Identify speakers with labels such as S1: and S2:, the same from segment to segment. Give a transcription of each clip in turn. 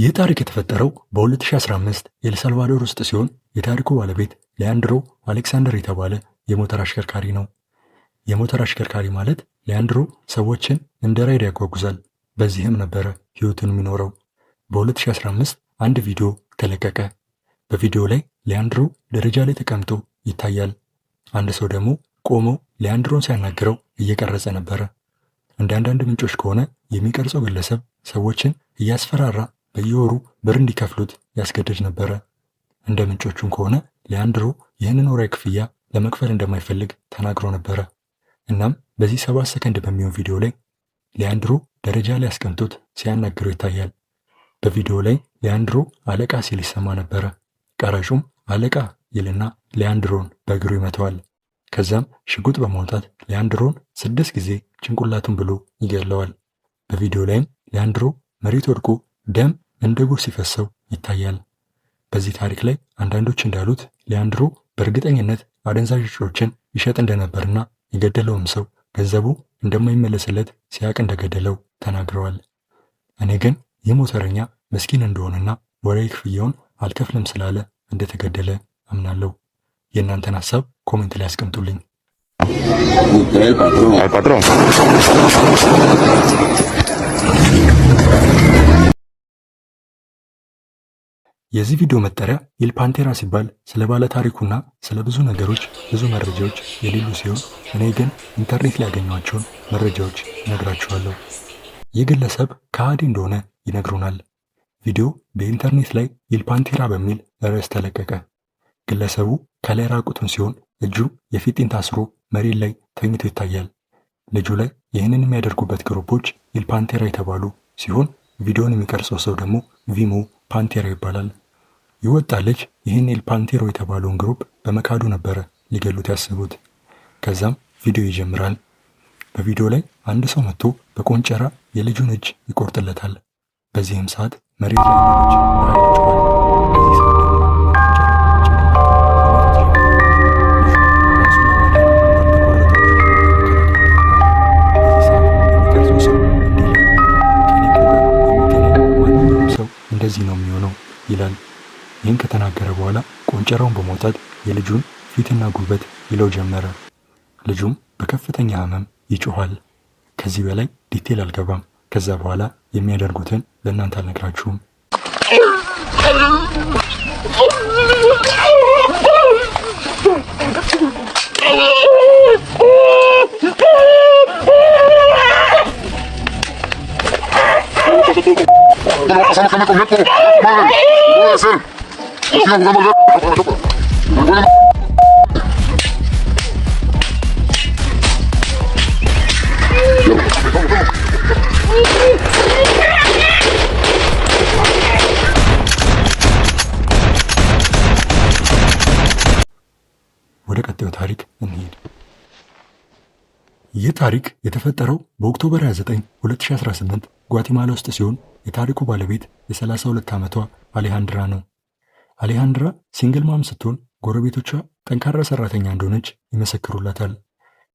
S1: ይህ ታሪክ የተፈጠረው በ2015 የኤልሳልቫዶር ውስጥ ሲሆን የታሪኩ ባለቤት ሊያንድሮ አሌክሳንደር የተባለ የሞተር አሽከርካሪ ነው። የሞተር አሽከርካሪ ማለት ሊያንድሮ ሰዎችን እንደ ራይድ ያጓጉዛል። በዚህም ነበረ ህይወቱን የሚኖረው። በ2015 አንድ ቪዲዮ ተለቀቀ። በቪዲዮ ላይ ሊያንድሮ ደረጃ ላይ ተቀምጦ ይታያል። አንድ ሰው ደግሞ ቆሞ ሊያንድሮን ሲያናግረው እየቀረጸ ነበረ። እንደ አንዳንድ ምንጮች ከሆነ የሚቀርጸው ግለሰብ ሰዎችን እያስፈራራ በየወሩ ብር እንዲከፍሉት ያስገድድ ነበረ። እንደ ምንጮቹም ከሆነ ሊያንድሮ ይህንን ወራዊ ክፍያ ለመክፈል እንደማይፈልግ ተናግሮ ነበረ። እናም በዚህ ሰባት ሰከንድ በሚሆን ቪዲዮ ላይ ሊያንድሮ ደረጃ ላይ አስቀምጦት ሲያናግረው ይታያል። በቪዲዮ ላይ ሊያንድሮ አለቃ ሲል ይሰማ ነበረ። ቀራጩም አለቃ ይልና ሊያንድሮን በእግሩ ይመተዋል። ከዛም ሽጉጥ በማውጣት ሊያንድሮን ስድስት ጊዜ ጭንቅላቱን ብሎ ይገለዋል። በቪዲዮ ላይም ሊያንድሮ መሬት ወድቆ ደም እንደ ጎርፍ ሲፈሰው ይታያል። በዚህ ታሪክ ላይ አንዳንዶች እንዳሉት ሊያንድሮ በእርግጠኝነት አደንዛዥ ዕፆችን ይሸጥ እንደነበርና የገደለውም ሰው ገንዘቡ እንደማይመለስለት ሲያቅ እንደገደለው ተናግረዋል። እኔ ግን ይህ ሞተረኛ ምስኪን እንደሆነና ወሬ ክፍያውን አልከፍልም ስላለ እንደተገደለ አምናለሁ። የእናንተን ሀሳብ ኮሜንት ላይ አስቀምጡልኝ። ፓትሮን የዚህ ቪዲዮ መጠሪያ ኢል ፓንቴራ ሲባል ስለ ባለ ታሪኩና ስለ ብዙ ነገሮች ብዙ መረጃዎች የሌሉ ሲሆን እኔ ግን ኢንተርኔት ላይ ያገኟቸውን መረጃዎች ይነግራችኋለሁ። ይህ ግለሰብ ከሃዲ እንደሆነ ይነግሩናል። ቪዲዮ በኢንተርኔት ላይ ኢል ፓንቴራ በሚል ርዕስ ተለቀቀ። ግለሰቡ ከላይ ራቁቱን ሲሆን እጁ የፊጢን ታስሮ መሬት ላይ ተኝቶ ይታያል። ልጁ ላይ ይህንን የሚያደርጉበት ግሩፖች ኢል ፓንቴራ የተባሉ ሲሆን ቪዲዮን የሚቀርጸው ሰው ደግሞ ቪሞ ፓንቴራ ይባላል። የወጣት ልጅ ይህን ኤልፓንቴሮ የተባለውን ግሩፕ በመካዱ ነበረ ሊገሉት ያስቡት። ከዛም ቪዲዮ ይጀምራል። በቪዲዮ ላይ አንድ ሰው መጥቶ በቆንጨራ የልጁን እጅ ይቆርጥለታል። በዚህም ሰዓት መሬት ላይ ጨንጨራውን በመውጣት የልጁን ፊትና ጉልበት ይለው ጀመረ። ልጁም በከፍተኛ ህመም ይጮኋል። ከዚህ በላይ ዲቴል አልገባም። ከዛ በኋላ የሚያደርጉትን ለእናንተ አልነግራችሁም። ወደ ቀጣዩ ታሪክ እንሂድ። ይህ ታሪክ የተፈጠረው በኦክቶበር 29 2018 ጓቲማላ ውስጥ ሲሆን የታሪኩ ባለቤት የ32 ዓመቷ አሌሃንድራ ነው። አሌሃንድራ ሲንግል ማም ስትሆን ጎረቤቶቿ ጠንካራ ሰራተኛ እንደሆነች ይመሰክሩላታል።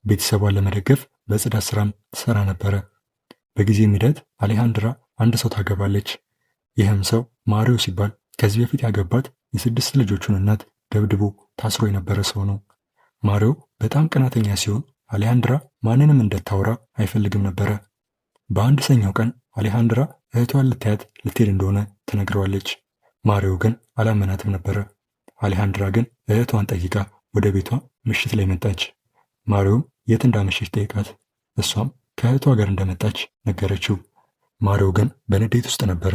S1: ቤተሰቧን ለመደገፍ በጽዳት ስራም ትሰራ ነበረ። በጊዜም ሂደት አሌሃንድራ አንድ ሰው ታገባለች። ይህም ሰው ማሪዮ ሲባል ከዚህ በፊት ያገባት የስድስት ልጆቹን እናት ደብድቦ ታስሮ የነበረ ሰው ነው። ማሪዮ በጣም ቀናተኛ ሲሆን አሌሃንድራ ማንንም እንደታወራ አይፈልግም ነበረ። በአንድ ሰኛው ቀን አሌሃንድራ እህቷን ልታያት ልትሄድ እንደሆነ ትነግረዋለች። ማሪዮ ግን አላመናትም ነበረ። አሌሃንድራ ግን እህቷን ጠይቃ ወደ ቤቷ ምሽት ላይ መጣች። ማሪዮም የት እንዳመሸች ጠይቃት፣ እሷም ከእህቷ ጋር እንደመጣች ነገረችው። ማሪዮ ግን በንዴት ውስጥ ነበረ።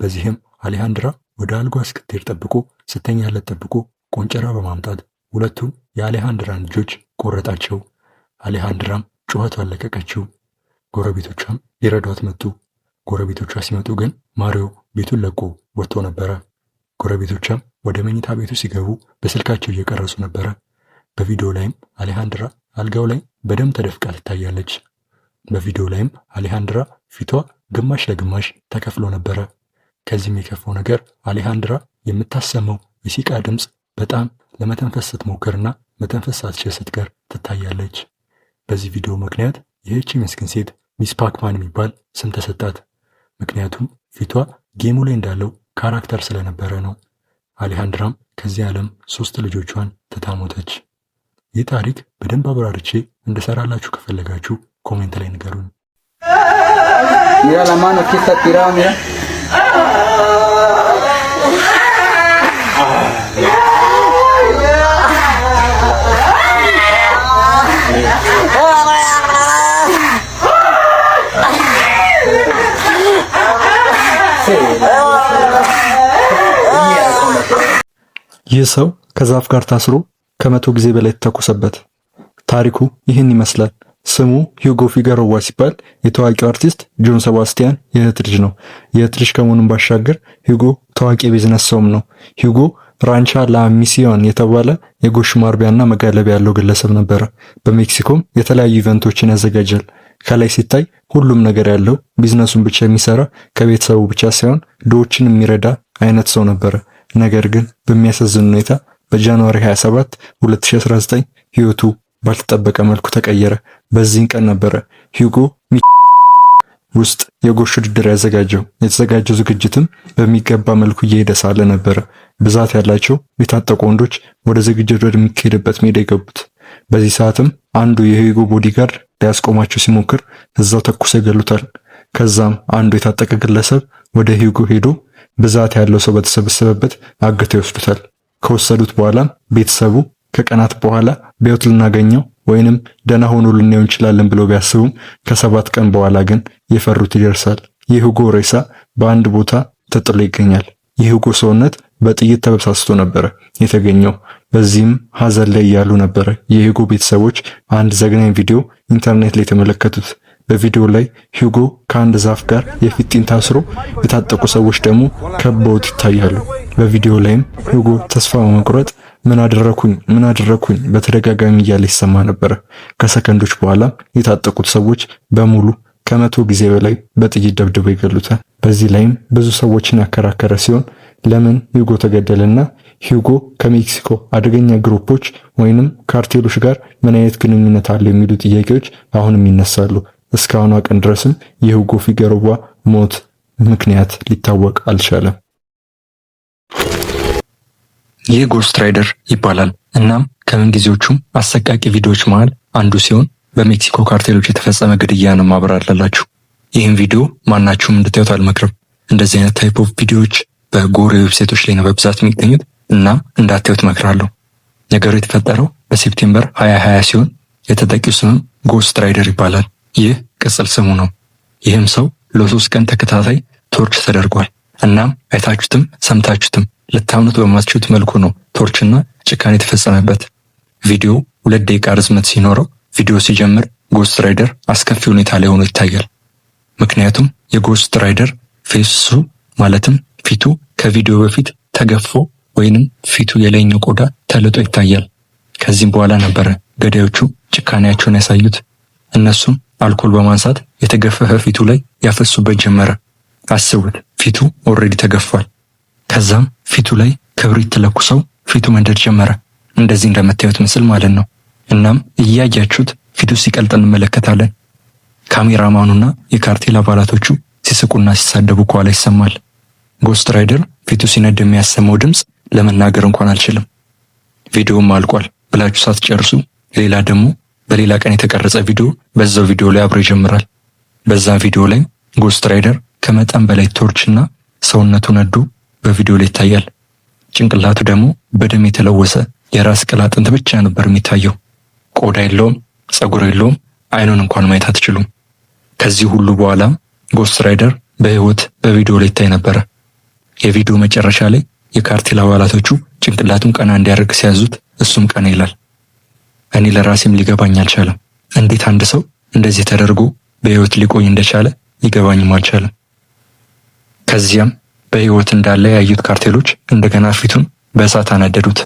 S1: በዚህም አሌሃንድራ ወደ አልጓ እስክትሄድ ጠብቆ ስተኛለት ጠብቆ ቆንጨራ በማምጣት ሁለቱም የአሌሃንድራን ልጆች ቆረጣቸው። አሌሃንድራም ጩኸቷ አለቀቀችው። ጎረቤቶቿም ሊረዷት መጡ። ጎረቤቶቿ ሲመጡ ግን ማሪዮ ቤቱን ለቆ ወጥቶ ነበረ። ጎረቤቶቿም ወደ መኝታ ቤቱ ሲገቡ በስልካቸው እየቀረጹ ነበረ። በቪዲዮ ላይም አሌሃንድራ አልጋው ላይ በደም ተደፍቃ ትታያለች። በቪዲዮ ላይም አሌሃንድራ ፊቷ ግማሽ ለግማሽ ተከፍሎ ነበረ። ከዚህም የከፋው ነገር አሌሃንድራ የምታሰመው የሲቃ ድምፅ በጣም ለመተንፈስ ስትሞክርና መተንፈስ ሳትችል ስትቀር ትታያለች። በዚህ ቪዲዮ ምክንያት ይህቺ ምስኪን ሴት ሚስ ፓክማን የሚባል ስም ተሰጣት። ምክንያቱም ፊቷ ጌሙ ላይ እንዳለው ካራክተር ስለነበረ ነው። አሌሃንድራም ከዚህ ዓለም ሶስት ልጆቿን ተታሞተች ይህ ታሪክ በደንብ አብራርቼ እንደሰራላችሁ ከፈለጋችሁ ኮሜንት ላይ ንገሩን። ይህ ሰው ከዛፍ ጋር ታስሮ ከመቶ ጊዜ በላይ ተተኮሰበት። ታሪኩ ይህን ይመስላል። ስሙ ሂውጎ ፊጋሮዋ ሲባል የታዋቂው አርቲስት ጆን ሰባስቲያን የእህት ልጅ ነው። የእህት ልጅ ከመሆኑም ባሻገር ሂውጎ ታዋቂ የቢዝነስ ሰውም ነው። ሂውጎ ራንቻ ላሚሲዮን የተባለ የጎሽ ማርቢያና መጋለቢያ ያለው ግለሰብ ነበረ። በሜክሲኮም የተለያዩ ኢቨንቶችን ያዘጋጃል። ከላይ ሲታይ ሁሉም ነገር ያለው ቢዝነሱን ብቻ የሚሰራ ከቤተሰቡ ብቻ ሳይሆን ድሆችን የሚረዳ አይነት ሰው ነበረ። ነገር ግን በሚያሳዝን ሁኔታ በጃንዋሪ 27 2019 ህይወቱ ባልተጠበቀ መልኩ ተቀየረ። በዚህን ቀን ነበረ ሂጎ ውስጥ የጎሽ ውድድር ያዘጋጀው። የተዘጋጀው ዝግጅትም በሚገባ መልኩ እየሄደ ሳለ ነበረ ብዛት ያላቸው የታጠቁ ወንዶች ወደ ዝግጅት ወደሚካሄድበት ሜዳ የገቡት። በዚህ ሰዓትም አንዱ የሂጎ ቦዲጋርድ ሊያስቆማቸው ሲሞክር እዛው ተኩሰው ይገሉታል። ከዛም አንዱ የታጠቀ ግለሰብ ወደ ሂጎ ሄዶ ብዛት ያለው ሰው በተሰበሰበበት አግተው ይወስዱታል። ከወሰዱት በኋላም ቤተሰቡ ከቀናት በኋላ በሕይወት ልናገኘው ወይንም ደህና ሆኖ ልናየው እንችላለን ብለው ቢያስቡም ከሰባት ቀን በኋላ ግን የፈሩት ይደርሳል። የሁጎ ሬሳ በአንድ ቦታ ተጥሎ ይገኛል። የሁጎ ሰውነት በጥይት ተበሳስቶ ነበረ የተገኘው። በዚህም ሀዘን ላይ እያሉ ነበረ የሁጎ ቤተሰቦች አንድ ዘግናኝ ቪዲዮ ኢንተርኔት ላይ የተመለከቱት። በቪዲዮ ላይ ሂጎ ከአንድ ዛፍ ጋር የፊጢን ታስሮ የታጠቁ ሰዎች ደግሞ ከበውት ይታያሉ። በቪዲዮ ላይም ሂጎ ተስፋ በመቁረጥ ምን አደረኩኝ ምን አደረኩኝ በተደጋጋሚ እያለ ይሰማ ነበረ። ከሰከንዶች በኋላ የታጠቁት ሰዎች በሙሉ ከመቶ ጊዜ በላይ በጥይት ደብድበው ይገሉታል። በዚህ ላይም ብዙ ሰዎችን ያከራከረ ሲሆን ለምን ሂጎ ተገደለና ሂጎ ከሜክሲኮ አደገኛ ግሩፖች ወይንም ካርቴሎች ጋር ምን አይነት ግንኙነት አለው የሚሉ ጥያቄዎች አሁንም ይነሳሉ። እስካሁኗ ቀን ድረስም የሁጎ ፊገሮቫ ሞት ምክንያት ሊታወቅ አልቻለም። ይህ ጎስት ራይደር ይባላል። እናም ከምንጊዜዎቹም አሰቃቂ ቪዲዮዎች መሃል አንዱ ሲሆን በሜክሲኮ ካርቴሎች የተፈጸመ ግድያ ነው። ማብራራላችሁ ይህን ቪዲዮ ማናችሁም እንድታዩት አልመክርም። እንደዚህ አይነት ታይፕ ኦፍ ቪዲዮዎች በጎሬ ዌብሳይቶች ላይ ነው በብዛት የሚገኙት። እናም እንዳታዩት መክራለሁ። ነገሩ የተፈጠረው በሴፕቴምበር 2020 ሲሆን የተጠቂው ስምም ጎስት ራይደር ይባላል። ይህ ቅጽል ስሙ ነው። ይህም ሰው ለሶስት ቀን ተከታታይ ቶርች ተደርጓል። እናም አይታችሁትም ሰምታችሁትም ልታምኑት በማትችሉት መልኩ ነው ቶርችና ጭካኔ የተፈጸመበት። ቪዲዮ ሁለት ደቂቃ ርዝመት ሲኖረው ቪዲዮ ሲጀምር ጎስት ራይደር አስከፊ ሁኔታ ላይ ሆኖ ይታያል። ምክንያቱም የጎስት ራይደር ፌሱ ማለትም ፊቱ ከቪዲዮ በፊት ተገፎ ወይንም ፊቱ የላይኛው ቆዳ ተልጦ ይታያል። ከዚህም በኋላ ነበረ ገዳዮቹ ጭካኔያቸውን ያሳዩት እነሱም አልኮል በማንሳት የተገፈፈ ፊቱ ላይ ያፈሱበት ጀመረ። አስቡት፣ ፊቱ ኦልሬዲ ተገፏል። ከዛም ፊቱ ላይ ክብሪት ተለኩሰው ፊቱ መንደድ ጀመረ። እንደዚህ እንደምታዩት ምስል ማለት ነው። እናም እያያችሁት ፊቱ ሲቀልጥ እንመለከታለን። ካሜራማኑና የካርቴል አባላቶቹ ሲስቁና ሲሳደቡ ከኋላ ይሰማል። ጎስት ራይደር ፊቱ ሲነድ የሚያሰማው ድምፅ ለመናገር እንኳን አልችልም። ቪዲዮም አልቋል ብላችሁ ሳትጨርሱ ሌላ ደግሞ በሌላ ቀን የተቀረጸ ቪዲዮ በዛው ቪዲዮ ላይ አብሮ ይጀምራል። በዛም ቪዲዮ ላይ ጎስት ራይደር ከመጠን በላይ ቶርችና ሰውነቱ ነዶ በቪዲዮ ላይ ይታያል። ጭንቅላቱ ደግሞ በደም የተለወሰ የራስ ቅል አጥንት ብቻ ነበር የሚታየው። ቆዳ የለውም፣ ጸጉር የለውም፣ አይኑን እንኳን ማየት አትችሉም። ከዚህ ሁሉ በኋላ ጎስት ራይደር በህይወት በቪዲዮ ላይ ይታይ ነበረ። የቪዲዮ መጨረሻ ላይ የካርቴል አባላቶቹ ጭንቅላቱን ቀና እንዲያደርግ ሲያዙት እሱም ቀና ይላል። እኔ ለራሴም ሊገባኝ አልቻለም። እንዴት አንድ ሰው እንደዚህ ተደርጎ በህይወት ሊቆይ እንደቻለ ሊገባኝም አልቻለም። ከዚያም በህይወት እንዳለ ያዩት ካርቴሎች እንደገና ፊቱን በእሳት አነደዱት።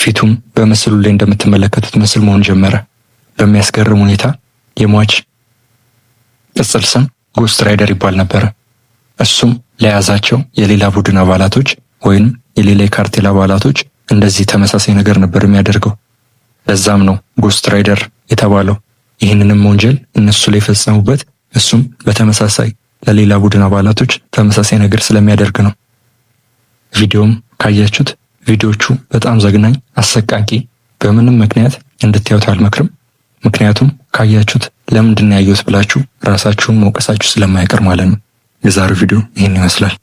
S1: ፊቱም በምስሉ ላይ እንደምትመለከቱት ምስል መሆን ጀመረ። በሚያስገርም ሁኔታ የሟች ቅጽል ስም ጎስት ራይደር ይባል ነበረ። እሱም ለያዛቸው የሌላ ቡድን አባላቶች ወይም የሌላ የካርቴል አባላቶች እንደዚህ ተመሳሳይ ነገር ነበር የሚያደርገው። በዛም ነው ጎስት ራይደር የተባለው። ይህንንም ወንጀል እነሱ ላይ የፈጸሙበት እሱም በተመሳሳይ ለሌላ ቡድን አባላቶች ተመሳሳይ ነገር ስለሚያደርግ ነው። ቪዲዮም ካያችሁት ቪዲዮቹ በጣም ዘግናኝ፣ አሰቃቂ በምንም ምክንያት እንድታዩት አልመክርም። ምክንያቱም ካያችሁት ለምንድን ያየሁት ብላችሁ ራሳችሁን መውቀሳችሁ ስለማይቀር ማለት ነው። የዛሬው ቪዲዮ ይህን ይመስላል።